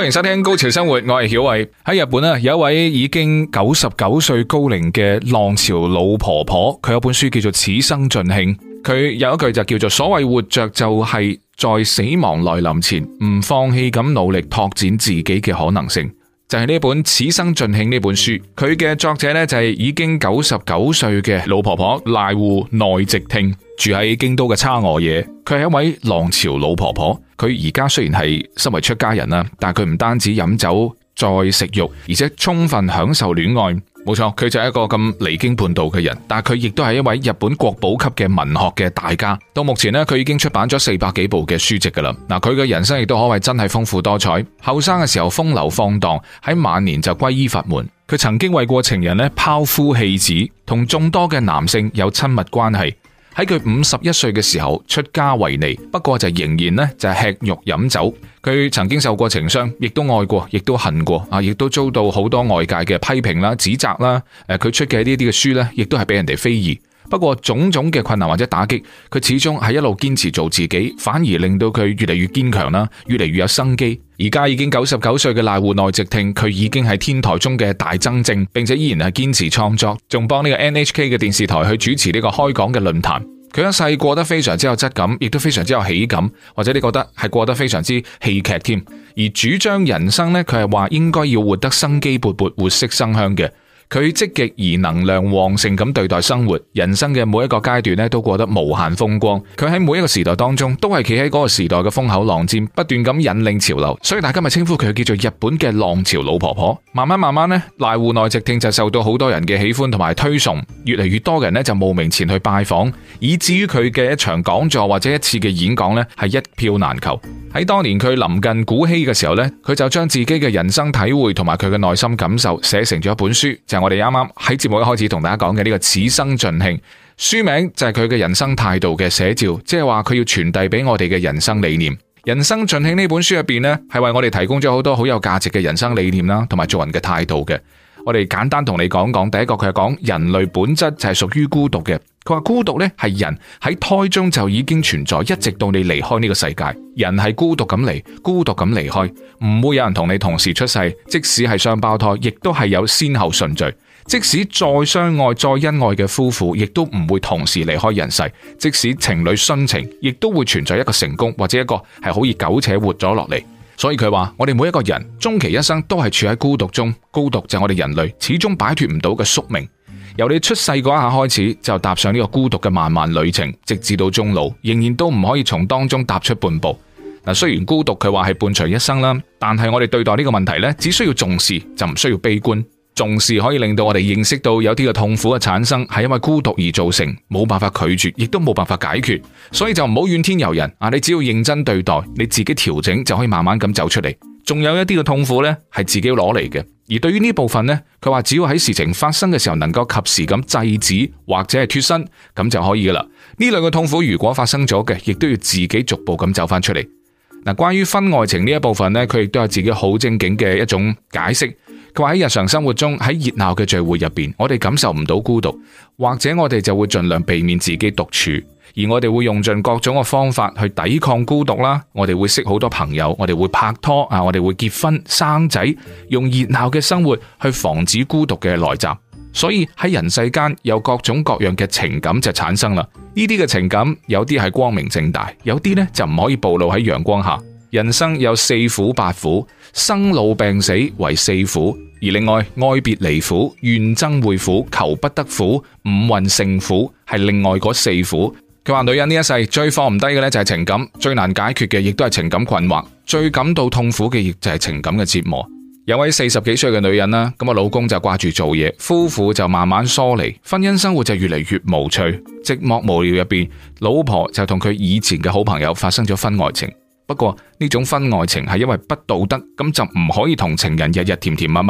歡迎收聽《高潮生活》，我是曉偉，我係曉偉。喺日本啊，有一位已經九十九歲高齡嘅浪潮老婆婆，佢有本書叫做《此生盡興》，佢有一句就叫做：所謂活着就係在死亡來臨前唔放棄咁努力拓展自己嘅可能性。就係、是、呢本《此生盡興》呢本書，佢嘅作者呢，就係已經九十九歲嘅老婆婆瀨戶內寂聽，住喺京都嘅嵯峨野，佢係一位浪潮老婆婆。佢而家雖然係身為出家人，但係佢唔單止飲酒再食肉，而且充分享受戀愛。冇錯，佢就係一個咁離經叛道嘅人。但係佢亦都係一位日本國寶級嘅文學嘅大家。到目前咧，佢已經出版咗四百幾部嘅書籍噶啦。佢嘅人生亦都可謂真係豐富多彩。後生嘅時候風流放蕩，喺晚年就歸依佛門。佢曾經為過情人咧拋夫棄子，同衆多嘅男性有親密關係。喺佢五十一歲嘅時候出家為尼，不過就仍然呢，就係吃肉飲酒。佢曾經受過情傷，亦都愛過，亦都恨過啊！亦都遭到好多外界嘅批評啦、指責啦。誒，佢出嘅呢啲嘅書呢，亦都係俾人哋非議。不過種種嘅困難或者打擊，佢始終係一路堅持做自己，反而令到佢越嚟越堅強啦，越嚟越有生機。而家已經九十九歲嘅瀨戶內直聽，佢已經係天台中嘅大增正，並且依然係堅持創作，仲幫呢個 NHK 嘅電視台去主持呢個開講嘅論壇。佢一世過得非常之有質感，亦都非常之有喜感，或者你覺得係過得非常之戲劇添。而主張人生呢，佢係話應該要活得生機勃勃，活色生香嘅。佢積極而能量旺盛咁對待生活，人生嘅每一個階段咧都過得無限風光。佢喺每一個時代當中都係企喺嗰個時代嘅風口浪尖，不斷咁引領潮流。所以大家咪稱呼佢叫做日本嘅浪潮老婆婆。慢慢慢慢呢瀨戶內寂聽就受到好多人嘅喜歡同埋推崇。越嚟越多人呢就慕名前去拜訪，以至於佢嘅一場講座或者一次嘅演講呢，係一票難求。喺當年佢臨近古稀嘅時候呢，佢就將自己嘅人生體會同埋佢嘅內心感受寫成咗一本書，就係我哋啱啱喺節目一開始同大家講嘅呢個《此生盡興》。書名就係佢嘅人生態度嘅寫照，即係話佢要傳遞俾我哋嘅人生理念。《人生盡興》呢本書入邊呢，係為我哋提供咗好多好有價值嘅人生理念啦，同埋做人嘅態度嘅。我哋簡單同你講講，第一個佢係講人類本質就係屬於孤獨嘅。佢話孤獨咧，係人喺胎中就已經存在，一直到你離開呢個世界，人係孤獨咁嚟，孤獨咁離開，唔會有人同你同時出世，即使係雙胞胎，亦都係有先後順序。即使再相愛、再恩愛嘅夫婦，亦都唔會同時離開人世。即使情侶殉情，亦都會存在一個成功，或者一個係可以苟且活咗落嚟。所以佢話我哋每一個人終其一生都係處喺孤獨中，孤獨就係我哋人類始終擺脫唔到嘅宿命。由你出世嗰一下開始，就踏上呢個孤獨嘅漫漫旅程，直至到終老，仍然都唔可以從當中踏出半步。嗱，雖然孤獨佢話係伴隨一生啦，但係我哋對待呢個問題咧，只需要重視就唔需要悲觀。同時可以令到我哋認識到有啲嘅痛苦嘅產生係因為孤獨而造成，冇辦法拒絕，亦都冇辦法解決，所以就唔好怨天尤人啊！你只要認真對待，你自己調整就可以慢慢咁走出嚟。仲有一啲嘅痛苦呢係自己攞嚟嘅。而對於呢部分呢，佢話只要喺事情發生嘅時候能夠及時咁制止或者係脫身，咁就可以噶啦。呢兩個痛苦如果發生咗嘅，亦都要自己逐步咁走翻出嚟。嗱，關於婚外情呢一部分呢，佢亦都有自己好正經嘅一種解釋。佢話喺日常生活中，喺熱鬧嘅聚會入邊，我哋感受唔到孤獨，或者我哋就會盡量避免自己獨處，而我哋會用盡各種嘅方法去抵抗孤獨啦。我哋會識好多朋友，我哋會拍拖啊，我哋會結婚、生仔，用熱鬧嘅生活去防止孤獨嘅來襲。所以喺人世間有各種各樣嘅情感就產生啦。呢啲嘅情感有啲係光明正大，有啲咧就唔可以暴露喺陽光下。人生有四苦、八苦，生老病死為四苦，而另外愛別離苦、怨憎會苦、求不得苦、五蘊盛苦係另外嗰四苦。佢話女人呢一世最放唔低嘅呢，就係情感，最難解決嘅亦都係情感困惑，最感到痛苦嘅亦就係情感嘅折磨。有位四十幾歲嘅女人啦，咁啊，老公就掛住做嘢，夫婦就慢慢疏離，婚姻生活就越嚟越無趣、寂寞無聊入邊，老婆就同佢以前嘅好朋友發生咗婚外情。不過呢種婚外情係因為不道德，咁就唔可以同情人日日甜甜蜜蜜。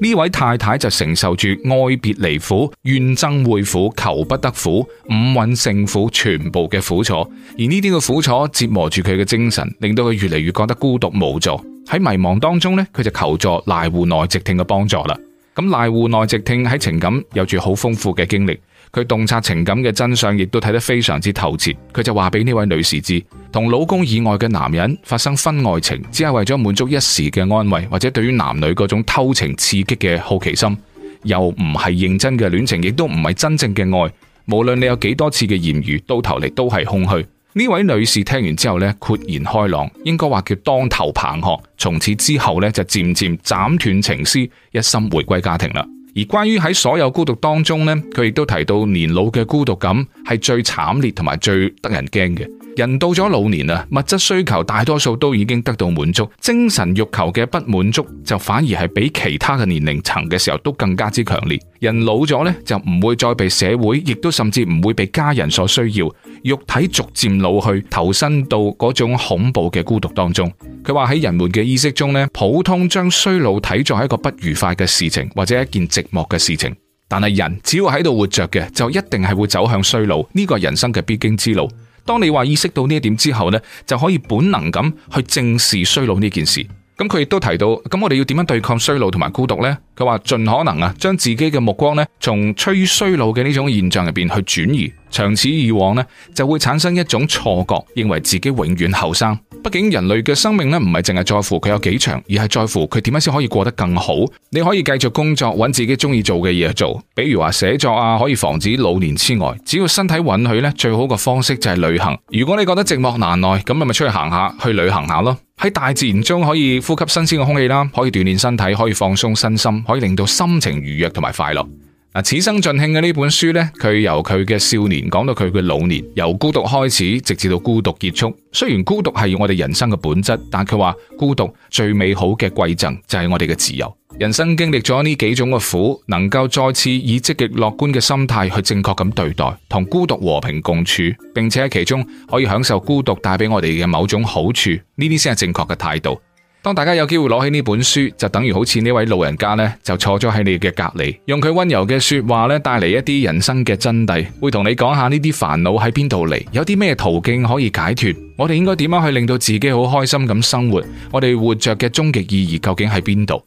呢位太太就承受住愛別離苦、怨憎會苦、求不得苦、五蘊盛苦，全部嘅苦楚。而呢啲嘅苦楚折磨住佢嘅精神，令到佢越嚟越覺得孤獨無助。喺迷茫當中呢佢就求助瀨戶內直聽嘅幫助啦。咁瀨戶內直聽喺情感有住好豐富嘅經歷。佢洞察情感嘅真相，亦都睇得非常之透徹。佢就話俾呢位女士知，同老公以外嘅男人發生婚外情，只係為咗滿足一時嘅安慰，或者對於男女嗰種偷情刺激嘅好奇心，又唔係認真嘅戀情，亦都唔係真正嘅愛。無論你有幾多次嘅艷遇，到頭嚟都係空虛。呢位女士聽完之後咧，豁然開朗，應該話叫當頭棒喝。從此之後咧，就漸漸斬斷情絲，一心回歸家庭啦。而關於喺所有孤獨當中呢，佢亦都提到年老嘅孤獨感係最慘烈同埋最得人驚嘅。人到咗老年啊，物質需求大多數都已經得到滿足，精神欲求嘅不滿足就反而係比其他嘅年齡層嘅時候都更加之強烈。人老咗呢，就唔會再被社會，亦都甚至唔會被家人所需要。肉體逐漸老去，投身到嗰種恐怖嘅孤獨當中。佢話喺人們嘅意識中呢，普通將衰老睇作係一個不愉快嘅事情，或者一件寂寞嘅事情。但係人只要喺度活着嘅，就一定係會走向衰老，呢個人生嘅必經之路。當你話意識到呢一點之後呢，就可以本能咁去正視衰老呢件事。咁佢亦都提到，咁我哋要點樣對抗衰老同埋孤獨呢？佢話盡可能啊，將自己嘅目光呢，從趨於衰老嘅呢種現象入邊去轉移。長此以往呢，就會產生一種錯覺，認為自己永遠後生。畢竟人類嘅生命呢，唔係淨係在乎佢有幾長，而係在乎佢點樣先可以過得更好。你可以繼續工作，揾自己中意做嘅嘢做，比如話寫作啊，可以防止老年癡呆。只要身體允許呢，最好嘅方式就係旅行。如果你覺得寂寞難耐，咁咪出去行下，去旅行下咯。喺大自然中可以呼吸新鮮嘅空氣啦，可以鍛煉身體，可以放鬆身心，可以令到心情愉悅同埋快樂。此生盡興嘅呢本書呢，佢由佢嘅少年講到佢嘅老年，由孤獨開始，直至到孤獨結束。雖然孤獨係我哋人生嘅本質，但佢話孤獨最美好嘅饋贈就係我哋嘅自由。人生經歷咗呢幾種嘅苦，能夠再次以積極樂觀嘅心態去正確咁對待，同孤獨和平共處，並且喺其中可以享受孤獨帶俾我哋嘅某種好處，呢啲先係正確嘅態度。當大家有機會攞起呢本書，就等於好似呢位老人家呢，就坐咗喺你嘅隔籬，用佢溫柔嘅說話呢，帶嚟一啲人生嘅真諦，會同你講下呢啲煩惱喺邊度嚟，有啲咩途徑可以解脱，我哋應該點樣去令到自己好開心咁生活，我哋活着嘅終極意義究竟喺邊度？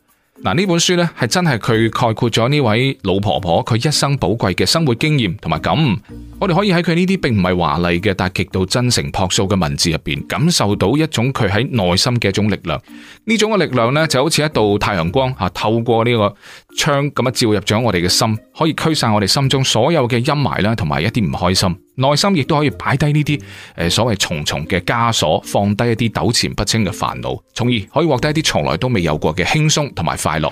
嗱，呢本書呢係真係佢概括咗呢位老婆婆佢一生寶貴嘅生活經驗同埋感悟。我哋可以喺佢呢啲並唔係華麗嘅，但係極度真誠樸素嘅文字入邊，感受到一種佢喺內心嘅一種力量。呢種嘅力量呢，就好似一道太陽光啊，透過呢個窗咁樣，照入咗我哋嘅心，可以驅散我哋心中所有嘅陰霾啦，同埋一啲唔開心。內心亦都可以擺低呢啲誒所謂重重嘅枷鎖，放低一啲糾纏不清嘅煩惱，從而可以獲得一啲從來都未有過嘅輕鬆同埋快樂。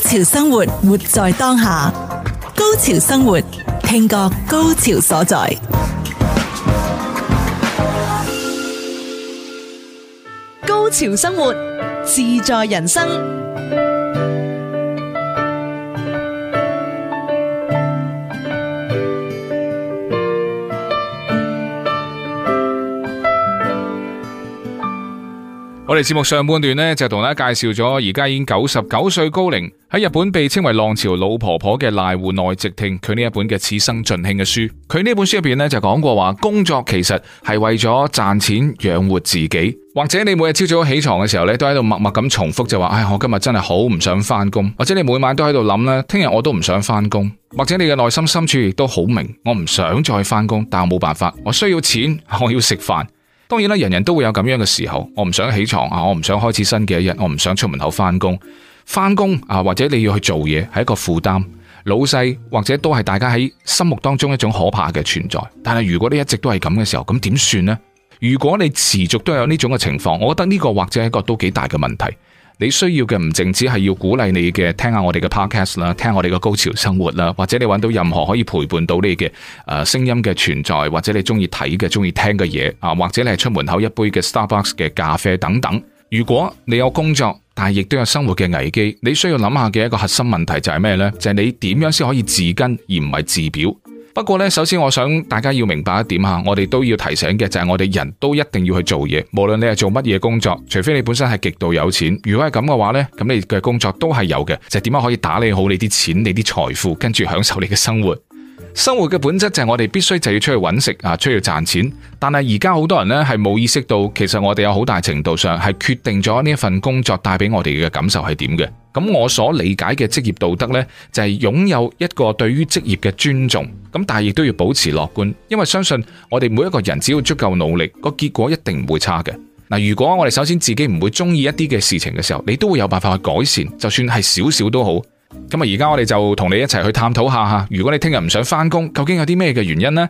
高潮生活，活在當下；高潮生活，聽覺高潮所在；高潮生活，自在人生。節目上半段咧就同大家介紹咗，而家已經九十九歲高齡喺日本被稱為浪潮老婆婆嘅瀨戶內寂聽佢呢一本嘅《此生盡興》嘅書。佢呢本書入邊咧就講過話，工作其實係為咗賺錢養活自己，或者你每日朝早起床嘅時候咧都喺度默默咁重複就話，唉、哎，我今日真係好唔想返工，或者你每晚都喺度諗啦，聽日我都唔想返工，或者你嘅內心深處亦都好明，我唔想再返工，但係我冇辦法，我需要錢，我要食飯。當然啦，人人都會有咁樣嘅時候，我唔想起床啊，我唔想開始新嘅一日，我唔想出門口翻工、翻工啊，或者你要去做嘢係一個負擔，老細或者都係大家喺心目當中一種可怕嘅存在。但係如果你一直都係咁嘅時候，咁點算呢？如果你持續都有呢種嘅情況，我覺得呢個或者係一個都幾大嘅問題。你需要嘅唔淨止係要鼓勵你嘅，聽下我哋嘅 podcast 啦，聽下我哋嘅高潮生活啦，或者你搵到任何可以陪伴到你嘅誒、呃、聲音嘅存在，或者你中意睇嘅、中意聽嘅嘢啊，或者你係出門口一杯嘅 Starbucks 嘅咖啡等等。如果你有工作，但係亦都有生活嘅危機，你需要諗下嘅一個核心問題就係咩呢？就係、是、你點樣先可以治根，而唔係治表。不過呢，首先我想大家要明白一點吓，我哋都要提醒嘅就係我哋人都一定要去做嘢，無論你係做乜嘢工作，除非你本身係極度有錢。如果係咁嘅話呢，咁你嘅工作都係有嘅，就係點樣可以打理好你啲錢、你啲財富，跟住享受你嘅生活。生活嘅本質就係我哋必須就要出去揾食啊，出去賺錢。但係而家好多人呢，係冇意識到，其實我哋有好大程度上係決定咗呢一份工作帶俾我哋嘅感受係點嘅。咁我所理解嘅職業道德呢，就係擁有一個對於職業嘅尊重。咁但係亦都要保持樂觀，因為相信我哋每一個人只要足夠努力，個結果一定唔會差嘅。嗱，如果我哋首先自己唔會中意一啲嘅事情嘅時候，你都會有辦法去改善，就算係少少都好。咁啊，而家我哋就同你一齊去探討下吓，如果你聽日唔想翻工，究竟有啲咩嘅原因呢？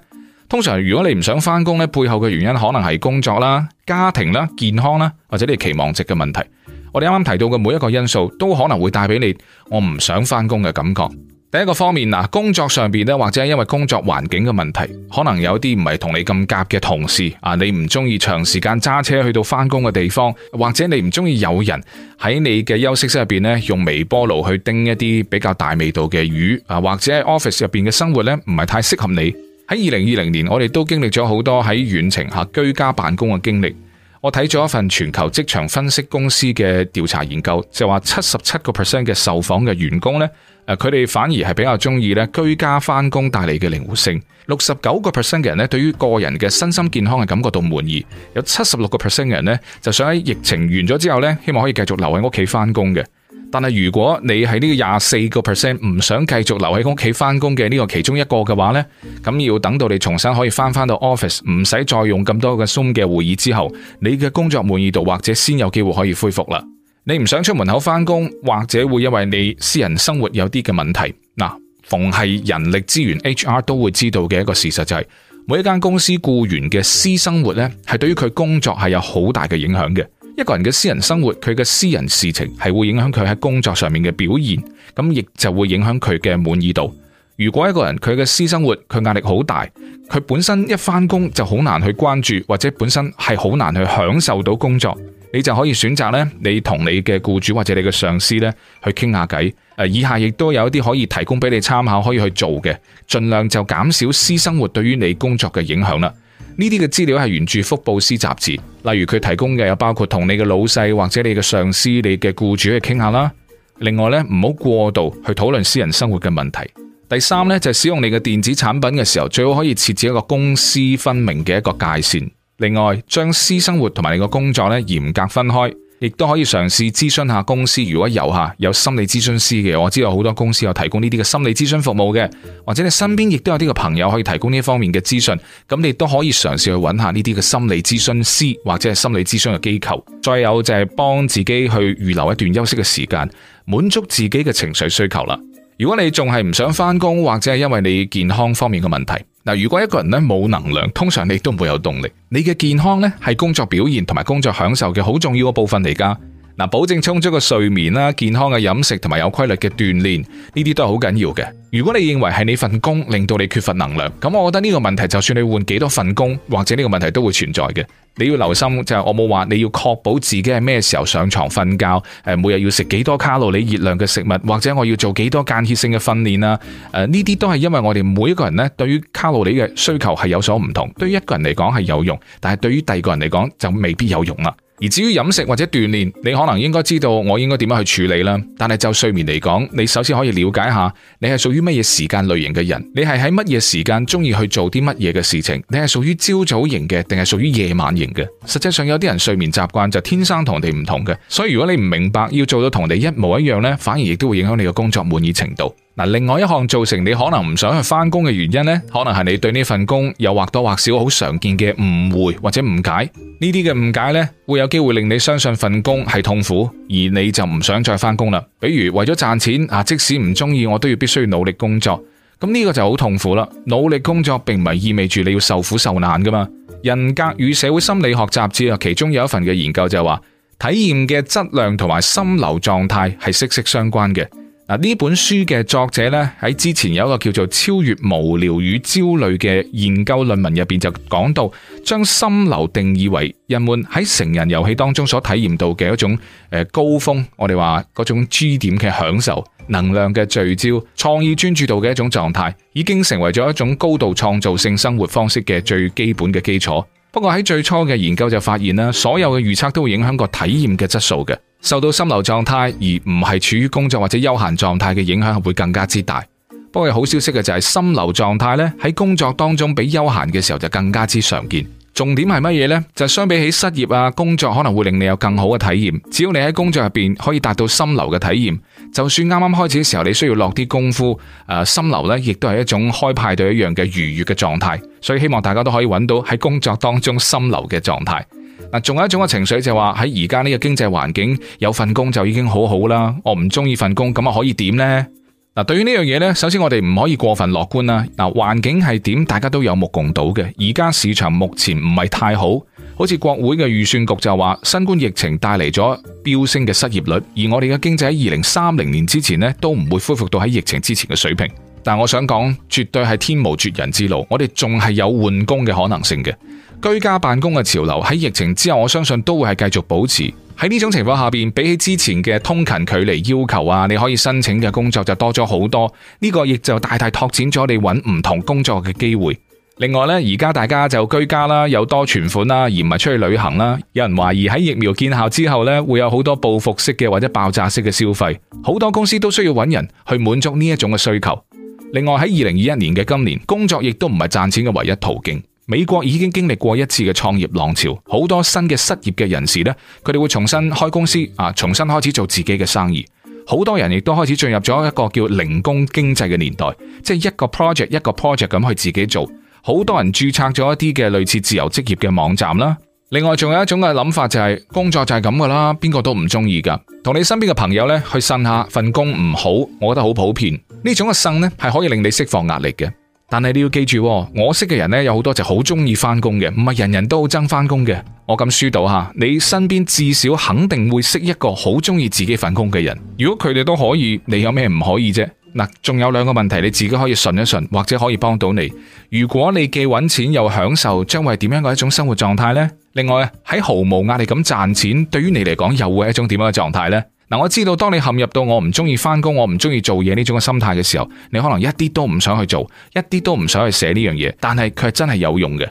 通常如果你唔想翻工咧，背後嘅原因可能係工作啦、家庭啦、健康啦，或者你期望值嘅問題。我哋啱啱提到嘅每一個因素，都可能會帶俾你我唔想翻工嘅感覺。第一個方面嗱，工作上邊咧，或者係因為工作環境嘅問題，可能有啲唔係同你咁夾嘅同事啊，你唔中意長時間揸車去到翻工嘅地方，或者你唔中意有人喺你嘅休息室入邊咧，用微波爐去叮一啲比較大味道嘅魚啊，或者喺 office 入邊嘅生活咧唔係太適合你。喺二零二零年，我哋都經歷咗好多喺遠程下居家辦公嘅經歷。.我睇咗一份全球職場分析公司嘅調查研究，就話七十七個 percent 嘅受訪嘅員工呢，誒，佢哋反而係比較中意呢居家翻工帶嚟嘅靈活性。六十九個 percent 嘅人呢，對於個人嘅身心健康係感覺到滿意。有七十六個 percent 嘅人呢，就想喺疫情完咗之後呢，希望可以繼續留喺屋企翻工嘅。但係如果你喺呢個廿四個 percent 唔想繼續留喺屋企翻工嘅呢個其中一個嘅話呢，咁要等到你重新可以翻翻到 office，唔使再用咁多嘅 Zoom 嘅會議之後，你嘅工作滿意度或者先有機會可以恢復啦。你唔想出門口翻工，或者會因為你私人生活有啲嘅問題，嗱、呃，逢係人力資源 HR 都會知道嘅一個事實就係、是，每一間公司僱員嘅私生活呢，係對於佢工作係有好大嘅影響嘅。一個人嘅私人生活，佢嘅私人事情係會影響佢喺工作上面嘅表現，咁亦就會影響佢嘅滿意度。如果一個人佢嘅私生活佢壓力好大，佢本身一翻工就好難去關注，或者本身係好難去享受到工作，你就可以選擇呢：你同你嘅僱主或者你嘅上司呢去傾下偈。以下亦都有一啲可以提供俾你參考，可以去做嘅，盡量就減少私生活對於你工作嘅影響啦。呢啲嘅資料係源自福布斯雜誌，例如佢提供嘅，又包括同你嘅老細或者你嘅上司、你嘅僱主去傾下啦。另外咧，唔好過度去討論私人生活嘅問題。第三咧就係、是、使用你嘅電子產品嘅時候，最好可以設置一個公私分明嘅一個界線。另外，將私生活同埋你個工作咧嚴格分開。亦都可以嘗試諮詢下公司，如果有吓有心理諮詢師嘅，我知道好多公司有提供呢啲嘅心理諮詢服務嘅，或者你身邊亦都有啲嘅朋友可以提供呢方面嘅諮詢，咁你都可以嘗試去揾下呢啲嘅心理諮詢師或者係心理諮詢嘅機構，再有就係幫自己去預留一段休息嘅時間，滿足自己嘅情緒需求啦。如果你仲係唔想返工，或者係因為你健康方面嘅問題，如果一個人咧冇能量，通常你都唔會有動力。你嘅健康咧係工作表現同埋工作享受嘅好重要嘅部分嚟㗎。嗱，保證充足嘅睡眠啦，健康嘅飲食同埋有規律嘅鍛煉，呢啲都係好緊要嘅。如果你認為係你份工令到你缺乏能量，咁我覺得呢個問題就算你換幾多份工，或者呢個問題都會存在嘅。你要留心就係、是、我冇話你要確保自己係咩時候上床瞓覺，誒每日要食幾多卡路里熱量嘅食物，或者我要做幾多間歇性嘅訓練啊？誒呢啲都係因為我哋每一個人咧，對於卡路里嘅需求係有所唔同。對於一個人嚟講係有用，但係對於第二個人嚟講就未必有用啦。而至於飲食或者鍛煉，你可能應該知道我應該點樣去處理啦。但係就睡眠嚟講，你首先可以了解下你係屬於乜嘢時間類型嘅人，你係喺乜嘢時間鍾意去做啲乜嘢嘅事情，你係屬於朝早型嘅定係屬於夜晚型嘅？實際上有啲人睡眠習慣就天生同人哋唔同嘅，所以如果你唔明白要做到同人哋一模一樣咧，反而亦都會影響你嘅工作滿意程度。嗱，另外一項造成你可能唔想去翻工嘅原因呢，可能係你對呢份工有或多或少好常見嘅誤會或者誤解。呢啲嘅誤解呢，會有機會令你相信份工係痛苦，而你就唔想再翻工啦。比如為咗賺錢啊，即使唔中意，我都要必須要努力工作。咁呢個就好痛苦啦。努力工作並唔係意味住你要受苦受難噶嘛。《人格與社會心理學雜誌》啊，其中有一份嘅研究就話，體驗嘅質量同埋心流狀態係息息相關嘅。呢本書嘅作者咧，喺之前有一個叫做《超越無聊與焦慮》嘅研究論文入邊就講到，將心流定義為人們喺成人遊戲當中所體驗到嘅一種誒高峰，我哋話嗰種 G 點嘅享受、能量嘅聚焦、創意專注度嘅一種狀態，已經成為咗一種高度創造性生活方式嘅最基本嘅基礎。不過喺最初嘅研究就發現啦，所有嘅預測都會影響個體驗嘅質素嘅。受到心流狀態而唔係處於工作或者休閒狀態嘅影響，會更加之大。不過好消息嘅就係，心流狀態呢喺工作當中比休閒嘅時候就更加之常見。重點係乜嘢呢？就係相比起失業啊，工作可能會令你有更好嘅體驗。只要你喺工作入邊可以達到心流嘅體驗，就算啱啱開始嘅時候你需要落啲功夫，誒，心流呢亦都係一種開派對一樣嘅愉悅嘅狀態。所以希望大家都可以揾到喺工作當中心流嘅狀態。嗱，仲有一種嘅情緒就話喺而家呢個經濟環境有份工就已經好好啦，我唔中意份工，咁啊可以點呢？嗱，對於呢樣嘢呢，首先我哋唔可以過分樂觀啦。嗱，環境係點，大家都有目共睹嘅。而家市場目前唔係太好，好似國會嘅預算局就話，新冠疫情帶嚟咗飆升嘅失業率，而我哋嘅經濟喺二零三零年之前呢都唔會恢復到喺疫情之前嘅水平。但我想講，絕對係天無絕人之路，我哋仲係有換工嘅可能性嘅。居家辦公嘅潮流喺疫情之後，我相信都會係繼續保持。喺呢種情況下邊，比起之前嘅通勤距離要求啊，你可以申請嘅工作就多咗好多。呢個亦就大大拓展咗你揾唔同工作嘅機會。另外呢，而家大家就居家啦，有多存款啦，而唔係出去旅行啦。有人懷疑喺疫苗見效之後呢，會有好多報復式嘅或者爆炸式嘅消費。好多公司都需要揾人去滿足呢一種嘅需求。另外喺二零二一年嘅今年，工作亦都唔係賺錢嘅唯一途徑。美國已經經歷過一次嘅創業浪潮，好多新嘅失業嘅人士呢，佢哋會重新開公司啊，重新開始做自己嘅生意。好多人亦都開始進入咗一個叫零工經濟嘅年代，即係一個 project 一個 project 咁去自己做。好多人注冊咗一啲嘅類似自由職業嘅網站啦。另外仲有一種嘅諗法就係工作就係咁噶啦，邊個都唔中意噶。同你身邊嘅朋友呢，去呻下份工唔好，我覺得好普遍。呢種嘅呻呢，係可以令你釋放壓力嘅。但係你要記住，我識嘅人呢，有好多就好中意翻工嘅，唔係人人都好憎翻工嘅。我咁輸到吓，你身邊至少肯定會識一個好中意自己份工嘅人。如果佢哋都可以，你有咩唔可以啫？嗱，仲有兩個問題，你自己可以順一順，或者可以幫到你。如果你既揾錢又享受，將會係點樣嘅一種生活狀態呢？另外喺毫無壓力咁賺錢，對於你嚟講又會係一種點樣嘅狀態呢？嗱，我知道當你陷入到我唔鍾意返工、我唔鍾意做嘢呢種嘅心態嘅時候，你可能一啲都唔想去做，一啲都唔想去寫呢樣嘢，但係卻真係有用嘅。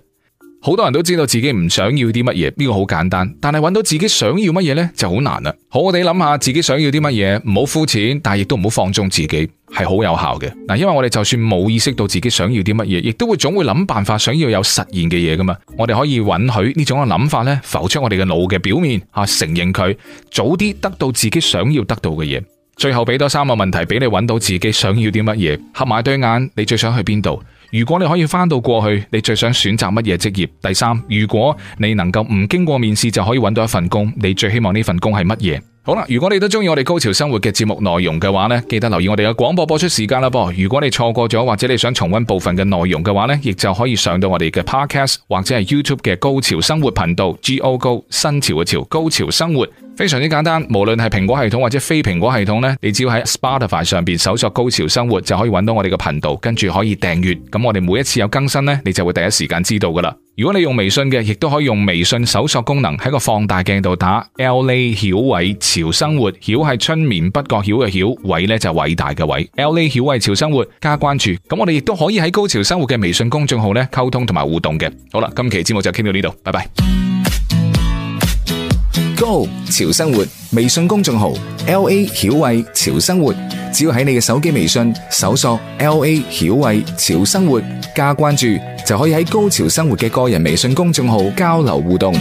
好多人都知道自己唔想要啲乜嘢，呢、這個好簡單，但係揾到自己想要乜嘢呢就好難啦。好我哋諗下自己想要啲乜嘢，唔好膚淺，但係亦都唔好放縱自己。係好有效嘅。嗱，因為我哋就算冇意識到自己想要啲乜嘢，亦都會總會諗辦法想要有實現嘅嘢噶嘛。我哋可以允許呢種嘅諗法咧浮出我哋嘅腦嘅表面，啊承認佢，早啲得到自己想要得到嘅嘢。最後俾多三個問題俾你揾到自己想要啲乜嘢。合埋對眼，你最想去邊度？如果你可以翻到過去，你最想選擇乜嘢職業？第三，如果你能夠唔經過面試就可以揾到一份工，你最希望呢份工係乜嘢？好啦，如果你都中意我哋高潮生活嘅節目內容嘅話呢，記得留意我哋嘅廣播播出時間啦，噃，如果你錯過咗，或者你想重溫部分嘅內容嘅話呢，亦就可以上到我哋嘅 Podcast 或者係 YouTube 嘅高潮生活頻道 Go Go 新潮嘅潮，高潮生活非常之簡單，無論係蘋果系統或者非蘋果系統呢，你只要喺 Spotify 上邊搜索高潮生活就可以揾到我哋嘅頻道，跟住可以訂閱。咁我哋每一次有更新呢，你就會第一時間知道噶啦。如果你用微信嘅，亦都可以用微信搜索功能喺個放大鏡度打 L A 曉偉潮生活，曉係春眠不覺曉嘅曉，偉咧就偉大嘅偉。L A 曉偉潮生活加關注，咁我哋亦都可以喺高潮生活嘅微信公眾號咧溝通同埋互動嘅。好啦，今期節目就傾到呢度，拜拜。高潮生活微信公眾號 L A 曉偉潮生活。只要喺你嘅手機微信搜索 LA 曉慧潮生活加關注，就可以喺高潮生活嘅個人微信公眾號交流互動。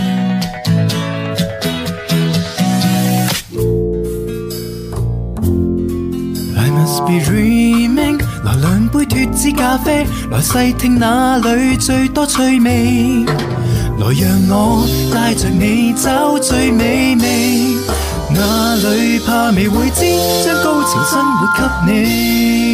來兩杯脫脂咖啡，來細聽哪裏最多趣味，來讓我帶着你找最美味。哪裏、啊、怕未會知，將高潮生活給你。